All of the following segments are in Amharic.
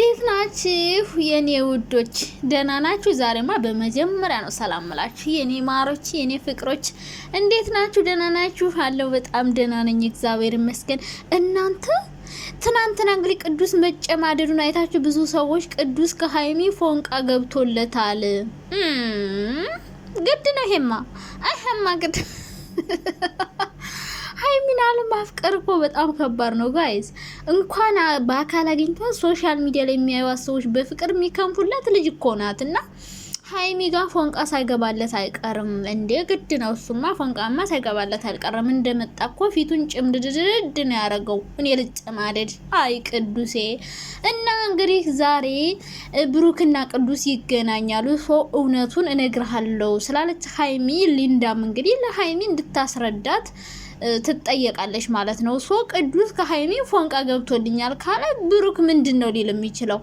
እንዴት ናችሁ የኔ ውዶች? ደህና ናችሁ? ዛሬማ በመጀመሪያ ነው ሰላም ላችሁ የኔ ማሮች፣ የኔ ፍቅሮች እንዴት ናችሁ? ደህና ናችሁ? አለው በጣም ደህና ነኝ እግዚአብሔር ይመስገን። እናንተ ትናንትና እንግዲህ ቅዱስ መጨማደዱን አይታችሁ ብዙ ሰዎች ቅዱስ ከሀይሚ ፎንቃ ገብቶለታል። ግድ ነው ይሄማ፣ አይሄማ ግድ ሀይሚን አለማፍቀር እኮ በጣም ከባድ ነው ጋይስ። እንኳን በአካል አግኝቷት ሶሻል ሚዲያ ላይ የሚያዩት ሰዎች በፍቅር የሚከንፉላት ልጅ እኮ ናት እና ሀይሚ ጋር ፎንቃ ሳይገባለት አይቀርም እንዴ! ግድ ነው እሱማ። ፎንቃማ ሳይገባለት አይቀርም። እንደመጣ እኮ ፊቱን ጭምድድድድ ነው ያደረገው። እኔ ልጨማደድ። አይ ቅዱሴ። እና እንግዲህ ዛሬ ብሩክና ቅዱስ ይገናኛሉ። ሶ እውነቱን እነግርሃለሁ ስላለች ሀይሚ ሊንዳም እንግዲህ ለሀይሚ እንድታስረዳት ትጠየቃለች ማለት ነው። ሶ ቅዱስ ከሀይሚ ፎንቃ ገብቶልኛል ካለ ብሩክ ምንድን ነው ሊል የሚችለው?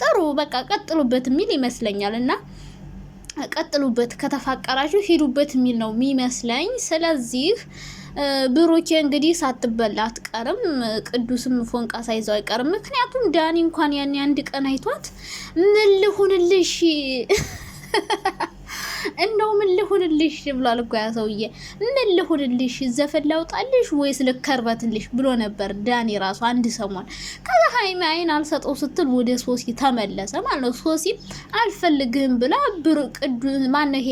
ጥሩ በቃ ቀጥሉበት የሚል ይመስለኛል እና ቀጥሉበት ከተፋቀራችሁ ሂዱበት የሚል ነው የሚመስለኝ። ስለዚህ ብሩኬ እንግዲህ ሳትበላ አትቀርም፣ ቅዱስም ፎንቃ ሳይዘው አይቀርም። ምክንያቱም ዳኒ እንኳን ያኔ አንድ ቀን አይቷት ምን ልሁንልሽ እንደው ምን ልሁንልሽ ብሏል እኮ ያ ሰውዬ። ምን ልሁንልሽ ዘፈን ላውጣልሽ ወይስ ልከርበትልሽ ብሎ ነበር ዳኒ ራሱ አንድ ሰሞን። ከዛ ሀይሚ አይን አልሰጠው ስትል ወደ ሶሲ ተመለሰ ማለት ነው። ሶሲ አልፈልግህም ብላ ብር ቅዱስ ማነው ይሄ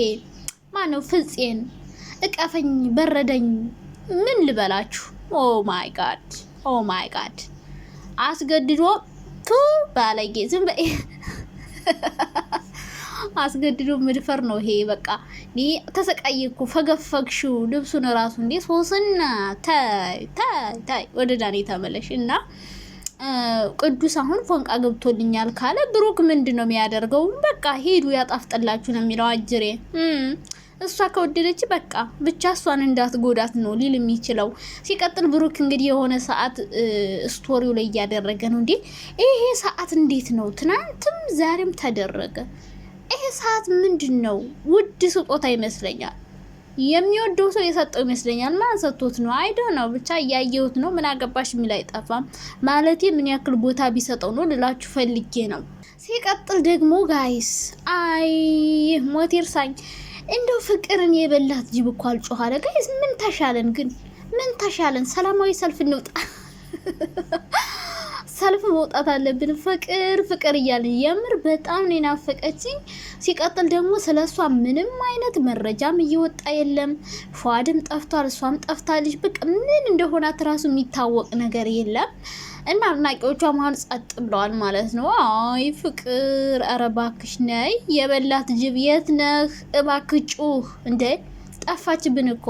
ማነው ፍፄን እቀፈኝ በረደኝ ምን ልበላችሁ። ኦ ማይ ጋድ ኦ ማይ ጋድ አስገድዶ ቱ ባለጌ ዝም በ አስገድዶ መድፈር ነው ይሄ። በቃ ተሰቃየኩ፣ ፈገፈግሹ ልብሱን ራሱ እንዴ ሶስና ታይ ታይ ታይ ወደ ዳኔ ተመለሽ እና ቅዱስ አሁን ፎንቃ ገብቶልኛል ካለ ብሩክ ምንድን ነው የሚያደርገው? በቃ ሄዱ ያጣፍጥላችሁ ነው የሚለው። አጅሬ እሷ ከወደደች በቃ ብቻ እሷን እንዳት ጎዳት ነው ሊል የሚችለው። ሲቀጥል ብሩክ እንግዲህ የሆነ ሰዓት ስቶሪው ላይ እያደረገ ነው እንዴ ይሄ ሰዓት እንዴት ነው? ትናንትም ዛሬም ተደረገ። ሰዓት ምንድን ነው ውድ ስጦታ ይመስለኛል። የሚወደው ሰው የሰጠው ይመስለኛል። ማን ሰጥቶት ነው አይደ ነው ብቻ እያየሁት ነው። ምን አገባሽ የሚል አይጠፋም። ማለቴ ምን ያክል ቦታ ቢሰጠው ነው ልላችሁ ፈልጌ ነው። ሲቀጥል ደግሞ ጋይስ፣ አይ ሞት ይርሳኝ እንደው ፍቅርን የበላት ጅብ እኮ አልጮህ ጋይስ ምን ተሻለን ግን ምን ተሻለን? ሰላማዊ ሰልፍ እንውጣ። ሰልፍ መውጣት አለብን። ፍቅር ፍቅር እያለ የምር በጣም ነው የናፈቀችኝ። ሲቀጥል ደግሞ ስለ እሷ ምንም አይነት መረጃም እየወጣ የለም። ፏድም ጠፍቷል፣ እሷም ጠፍታለች። በቃ ምን እንደሆናት ራሱ የሚታወቅ ነገር የለም። እና አድናቂዎቿ መሀል ጸጥ ብለዋል ማለት ነው። አይ ፍቅር፣ ኧረ እባክሽ ነይ፣ የበላት ጅብ የት ነህ? እባክህ ጩህ እንዴ ጠፋችብን እኮ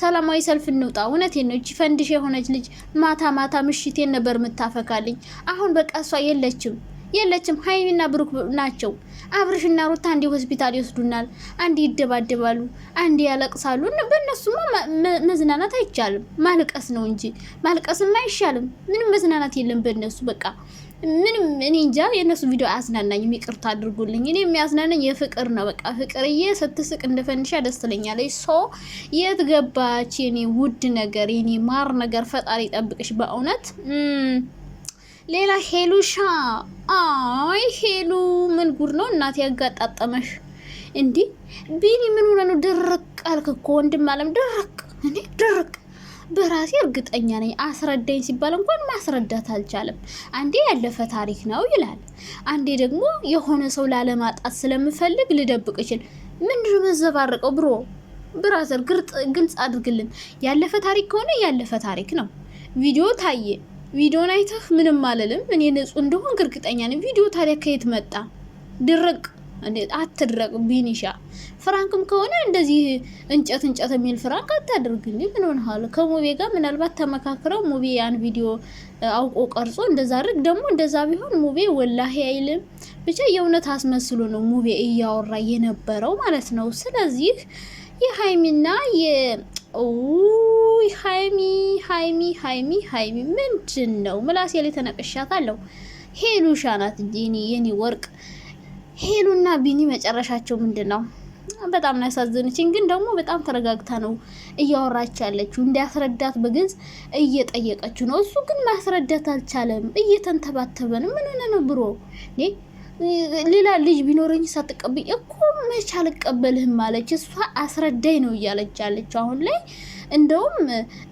ሰላማዊ ሰልፍ እንውጣ። እውነቴን ነው። እቺ ፈንድሽ የሆነች ልጅ ማታ ማታ ምሽቴን ነበር የምታፈካልኝ። አሁን በቃ እሷ የለችም የለችም። ሀይሚና ብሩክ ናቸው። አብርሽና ሩታ አንዴ ሆስፒታል ይወስዱናል፣ አንዴ ይደባደባሉ፣ አንዴ ያለቅሳሉ። በእነሱማ መዝናናት አይቻልም፣ ማልቀስ ነው እንጂ ማልቀስም አይሻልም። ምንም መዝናናት የለም በእነሱ በቃ ምንም እኔ እንጃ የእነሱ ቪዲዮ አያዝናናኝም። ይቅርታ አድርጉልኝ። እኔ የሚያዝናናኝ የፍቅር ነው። በቃ ፍቅርዬ ስትስቅ እንደፈንሻ ፈንዲሻ ደስ ትለኛለች። ሶ የት ገባች የኔ ውድ ነገር፣ የኔ ማር ነገር? ፈጣሪ ጠብቅሽ በእውነት ሌላ ሄሉሻ፣ አይ ሄሉ ምን ጉድ ነው እናቴ ያጋጣጠመሽ እንዲህ ቢኒ ምን ሆነ ነው? ድርቅ አልክ እኮ ወንድም አለም ድርቅ እኔ ድርቅ በራሴ እርግጠኛ ነኝ። አስረዳኝ ሲባል እንኳን ማስረዳት አልቻለም። አንዴ ያለፈ ታሪክ ነው ይላል፣ አንዴ ደግሞ የሆነ ሰው ላለማጣት ስለምፈልግ ልደብቅ ይችል። ምንድን መዘባረቀው? ብሮ ብራዘር ግልጽ አድርግልን። ያለፈ ታሪክ ከሆነ ያለፈ ታሪክ ነው። ቪዲዮ ታየ፣ ቪዲዮን አይተህ ምንም አለልም። እኔ ንጹህ እንደሆን እርግጠኛ ነኝ። ቪዲዮ ታዲያ ከየት መጣ? ድርቅ አትድረቅ ቢኒሻ ፍራንክም ከሆነ እንደዚህ እንጨት እንጨት የሚል ፍራንክ አታድርግ እንጂ ምን ሆነሃል? ከሙቤ ጋር ምናልባት ተመካክረው ሙቤ ያን ቪዲዮ አውቆ ቀርጾ እንደዛ አድርግ ደግሞ እንደዛ ቢሆን ሙቤ ወላሂ አይልም። ብቻ የእውነት አስመስሎ ነው ሙቤ እያወራ የነበረው ማለት ነው። ስለዚህ የሀይሚና ውይ ሀይሚ ሀይሚ ሀይሚ ሀይሚ ምንድን ነው ምላሴ ላይ ተነቅሻት አለው ሄሉሻ ናት እንጂ የኔ ወርቅ ሄሉና ቢኒ መጨረሻቸው ምንድን ነው? በጣም ነው ያሳዘነችኝ። ግን ደግሞ በጣም ተረጋግታ ነው እያወራች ያለችው። እንዲያስረዳት በግልጽ እየጠየቀችው ነው። እሱ ግን ማስረዳት አልቻለም። እየተንተባተበ ነው። ምን ሆነ ነው ብሮ ሌላ ልጅ ቢኖረኝ ሳትቀበኝ እኮ መች አልቀበልህም አለች። እሷ አስረዳኝ ነው እያለች ያለችው አሁን ላይ እንደውም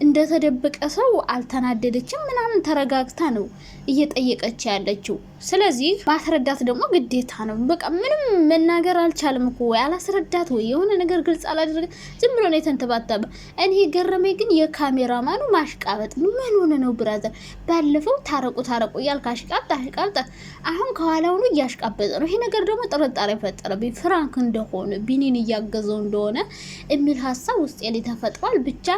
እንደተደበቀ ሰው አልተናደደችም፣ ምናምን ተረጋግታ ነው እየጠየቀች ያለችው። ስለዚህ ማስረዳት ደግሞ ግዴታ ነው። በቃ ምንም መናገር አልቻለም እኮ ወይ አላስረዳት፣ ወይ የሆነ ነገር ግልጽ አላደረገ፣ ዝም ብሎ ነው የተንተባተበ። እኔ የገረመኝ ግን የካሜራማኑ ማሽቃበጥ ምን ሆነ ነው ብራዘር። ባለፈው ታረቁ ታረቁ እያልክ አሽቃብጥ አሽቃብጥ፣ አሁን ከኋላ ሆኖ እያሽቃበጠ ነው። ይሄ ነገር ደግሞ ጥርጣሬ ፈጠረብኝ፣ ፍራንክ እንደሆነ ቢኒን እያገዘው እንደሆነ የሚል ሀሳብ ውስጥ ላይ ተፈጥሯል ብቻ ብቻ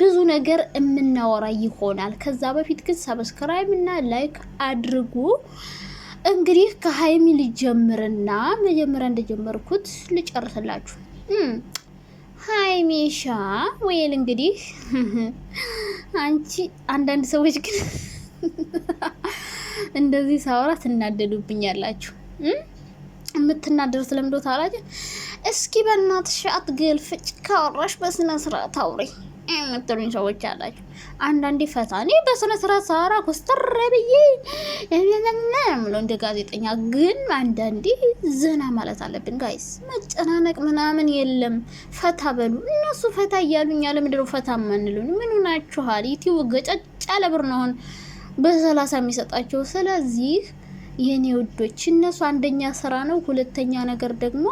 ብዙ ነገር የምናወራ ይሆናል። ከዛ በፊት ግን ሰብስክራይብ እና ላይክ አድርጉ። እንግዲህ ከሀይሚ ልጀምርና መጀመሪያ እንደጀመርኩት ልጨርስላችሁ። ሀይሚሻ ወይል እንግዲህ አንቺ አንዳንድ ሰዎች ግን እንደዚህ ሳወራ ትናደዱብኛላችሁ። የምትናደሩ ስለምዶ ታውራለች። እስኪ በእናትሽ አትገልፍጭ፣ ካወራሽ በስነ ስርዓት የምትሉኝ ሰዎች አላችሁ። አንዳንዴ ፈታ እኔ በስነ ስርዓት ሳራ ኮስተር ብዬ ብሎ እንደ ጋዜጠኛ ግን አንዳንዴ ዘና ማለት አለብን ጋይስ። መጨናነቅ ምናምን የለም። ፈታ በሉ እነሱ ፈታ እያሉኝ ያለ ምንድነው ፈታ የማንሉን? ምን ሆናችኋል? ዩቲዩብ ገጨጫ ለብር ነው አሁን በሰላሳ የሚሰጣቸው። ስለዚህ የእኔ ውዶች እነሱ አንደኛ ስራ ነው፣ ሁለተኛ ነገር ደግሞ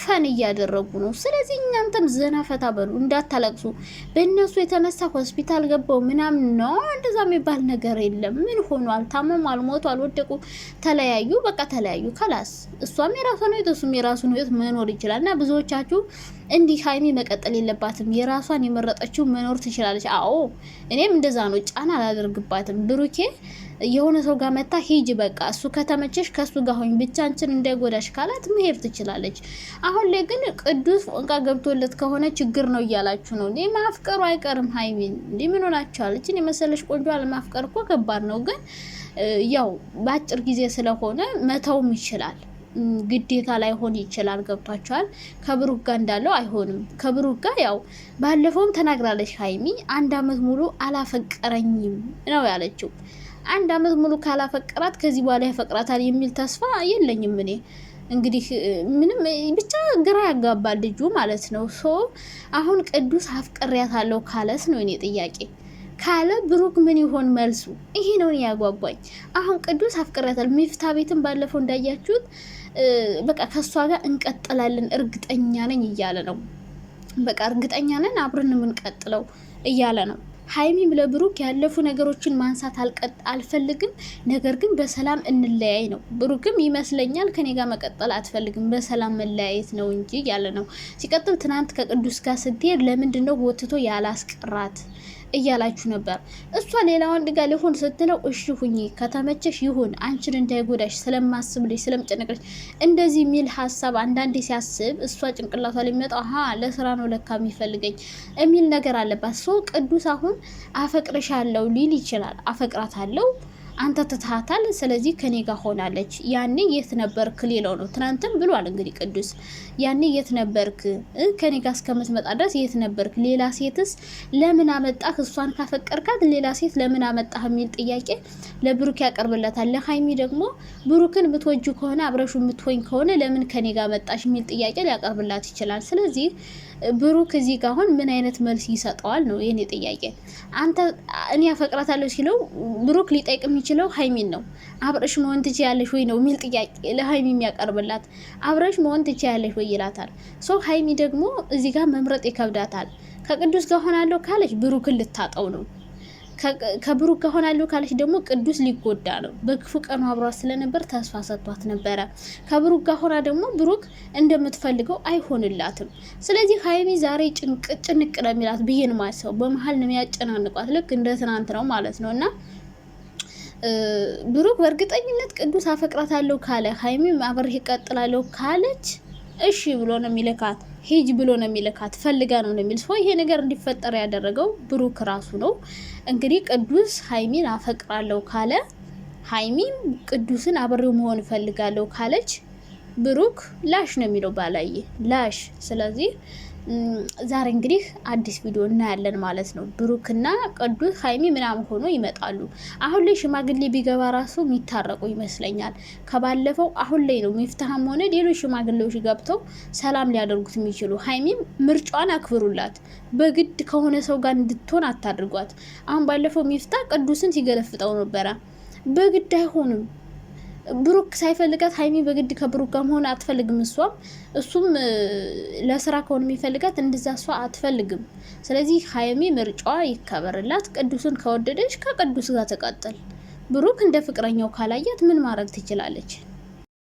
ፈን እያደረጉ ነው። ስለዚህ እናንተም ዘና ፈታ በሉ፣ እንዳታለቅሱ። በእነሱ የተነሳ ሆስፒታል ገባው ምናምን ነው እንደዛ የሚባል ነገር የለም። ምን ሆኗል? ታመሙ፣ አልሞቱ፣ አልወደቁ፣ ተለያዩ፣ በቃ ተለያዩ። ከላስ እሷም የራሷን ሕይወት እሱም የራሱን ሕይወት መኖር ይችላል እና ብዙዎቻችሁ እንዲህ ሀይሚ መቀጠል የለባትም። የራሷን የመረጠችው መኖር ትችላለች። አዎ እኔም እንደዛ ነው፣ ጫና አላደርግባትም። ብሩኬ የሆነ ሰው ጋር መታ ሂጅ፣ በቃ እሱ ከተመቸሽ ከእሱ ጋር ሆኝ፣ ብቻ እንዳይጎዳሽ ካላት መሄድ ትችላለች። አሁን ላይ ግን ቅዱስ ፎንቃ ገብቶለት ከሆነ ችግር ነው እያላችሁ ነው። እንዲህ ማፍቀሩ አይቀርም። ሀይሚን እንዲህ ምን ሆናችኋል? እችን የመሰለሽ ቆንጆ አለማፍቀር እኮ ከባድ ነው። ግን ያው በአጭር ጊዜ ስለሆነ መተውም ይችላል። ግዴታ ላይሆን ይችላል። ገብቷቸዋል። ከብሩክ ጋር እንዳለው አይሆንም። ከብሩክ ጋር ያው ባለፈውም ተናግራለች ሀይሚ አንድ አመት ሙሉ አላፈቀረኝም ነው ያለችው። አንድ አመት ሙሉ ካላፈቀራት ከዚህ በኋላ ያፈቅራታል የሚል ተስፋ የለኝም እኔ እንግዲህ ምንም ብቻ ግራ ያጋባል ልጁ ማለት ነው። ሶ አሁን ቅዱስ አለው ካለስ ነው እኔ ጥያቄ ካለ ብሩክ ምን ይሆን መልሱ? ይሄ ነው ያጓጓኝ። አሁን ቅዱስ አፍቅሬያታለሁ ሚፍታ ቤትን ባለፈው እንዳያችሁት በቃ ከእሷ ጋር እንቀጥላለን እርግጠኛ ነኝ እያለ ነው። በቃ እርግጠኛ ነን አብረን የምንቀጥለው እያለ ነው። ሀይሚም ለብሩክ ያለፉ ነገሮችን ማንሳት አልፈልግም፣ ነገር ግን በሰላም እንለያይ ነው። ብሩክም ይመስለኛል ከኔ ጋር መቀጠል አትፈልግም፣ በሰላም መለያየት ነው እንጂ ያለ ነው። ሲቀጥል ትናንት ከቅዱስ ጋር ስትሄድ ለምንድን ነው ወትቶ ያላስቀራት እያላችሁ ነበር። እሷ ሌላ ወንድ ጋር ሊሆን ስትለው እሺ ሁኚ ከተመቸሽ ይሁን አንቺን እንዳይጎዳሽ ስለማስብልሽ ስለምጨነቅልሽ እንደዚህ የሚል ሀሳብ አንዳንዴ ሲያስብ እሷ ጭንቅላቷ ሊመጣ ሀ ለስራ ነው ለካ የሚፈልገኝ የሚል ነገር አለባት። ሰው ቅዱስ አሁን አፈቅርሻለሁ ሊል ይችላል። አፈቅራታለሁ አንተ ትታታል፣ ስለዚህ ከኔ ጋር ሆናለች። ያኔ የት ነበርክ ሌለው ነው። ትናንትም ብሏል እንግዲህ ቅዱስ ያኔ የት ነበርክ? ከኔ ጋር እስከምትመጣ ድረስ የት ነበርክ? ሌላ ሴትስ ለምን አመጣህ? እሷን ካፈቀርካት ሌላ ሴት ለምን አመጣህ? የሚል ጥያቄ ለብሩክ ያቀርብለታል። ለሀይሚ ደግሞ ብሩክን ምትወጁ ከሆነ አብረሹ የምትሆኝ ከሆነ ለምን ከኔ ጋር መጣሽ? የሚል ጥያቄ ሊያቀርብላት ይችላል። ስለዚህ ብሩክ እዚህ ጋር አሁን ምን አይነት መልስ ይሰጠዋል ነው የኔ ጥያቄ። አንተ እኔ ያፈቅራታለሁ ሲለው ብሩክ ሊጠይቅ የሚችለው ሀይሚን ነው። አብረሽ መሆን ትችያለሽ ወይ ነው የሚል ጥያቄ ለሀይሚ የሚያቀርብላት። አብረሽ መሆን ትችያለሽ ወይ ይላታል። ሶ ሀይሚ ደግሞ እዚህ ጋር መምረጥ ይከብዳታል። ከቅዱስ ጋር ሆናለሁ ካለች ብሩክን ልታጠው ነው ከብሩ ጋር ሆናለሁ ካለች ደግሞ ቅዱስ ሊጎዳ ነው። በክፉ ቀኑ አብሯት ስለነበር ተስፋ ሰጥቷት ነበረ። ከብሩ ጋሆና ደግሞ ብሩክ እንደምትፈልገው አይሆንላትም። ስለዚህ ሀይሚ ዛሬ ጭንቅ ነው የሚላት ብዬ ነው የማስበው። በመሀል ነው የሚያጨናንቋት፣ ልክ እንደ ትናንት ነው ማለት ነው እና ብሩክ በእርግጠኝነት ቅዱስ አፈቅራታለሁ ካለ ሀይሚ አብሬ እቀጥላለሁ ካለች እሺ ብሎ ነው የሚልካት። ሂጅ ብሎ ነው የሚልካት ፈልጋ ነው የሚል ሰው ይሄ ነገር እንዲፈጠር ያደረገው ብሩክ ራሱ ነው። እንግዲህ ቅዱስ ሀይሚን አፈቅራለሁ ካለ ሀይሚን ቅዱስን አብሬው መሆን እፈልጋለሁ ካለች ብሩክ ላሽ ነው የሚለው ባላየ ላሽ ስለዚህ ዛሬ እንግዲህ አዲስ ቪዲዮ እናያለን ማለት ነው። ብሩክና ቅዱስ ሀይሚ ምናምን ሆኖ ይመጣሉ። አሁን ላይ ሽማግሌ ቢገባ ራሱ የሚታረቁ ይመስለኛል። ከባለፈው አሁን ላይ ነው ሚፍትሀም ሆነ ሌሎች ሽማግሌዎች ገብተው ሰላም ሊያደርጉት የሚችሉ። ሀይሚም ምርጫዋን አክብሩላት። በግድ ከሆነ ሰው ጋር እንድትሆን አታድርጓት። አሁን ባለፈው ሚፍታ ቅዱስን ሲገለፍጠው ነበረ። በግድ አይሆንም ብሩክ ሳይፈልጋት ሀይሚ በግድ ከብሩክ ጋር መሆን አትፈልግም። እሷም እሱም ለስራ ከሆነ የሚፈልጋት እንደዛ እሷ አትፈልግም። ስለዚህ ሀይሚ ምርጫዋ ይከበርላት። ቅዱስን ከወደደች ከቅዱስ ጋር ተቃጠል። ብሩክ እንደ ፍቅረኛው ካላያት ምን ማድረግ ትችላለች?